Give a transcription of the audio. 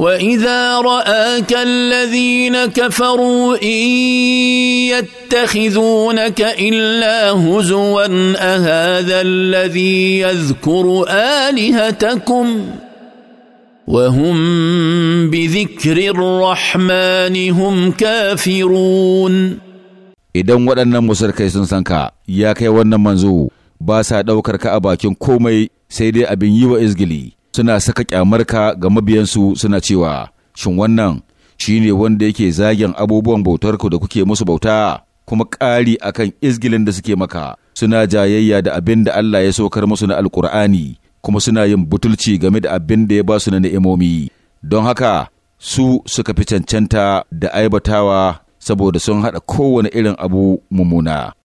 واذا راك الذين كفروا ان يتخذونك الا هزوا اهذا الذي يذكر الهتكم وهم بذكر الرحمن هم كافرون idan waɗannan musulkai sun san ka ya kai wannan manzo ba sa ɗaukar ka a bakin komai sai dai abin yi wa izgili suna saka kyamarka ga mabiyansu suna cewa shin wannan shi ne wanda yake zagin abubuwan bautarku da kuke musu bauta kuma ƙari akan izgilin da suke maka suna jayayya da abin da Allah ya saukar musu na alkur'ani kuma suna yin butulci game da abin da ya ba su na ni'imomi don haka su suka fi cancanta da aibatawa saboda sun haɗa kowane irin abu mummuna.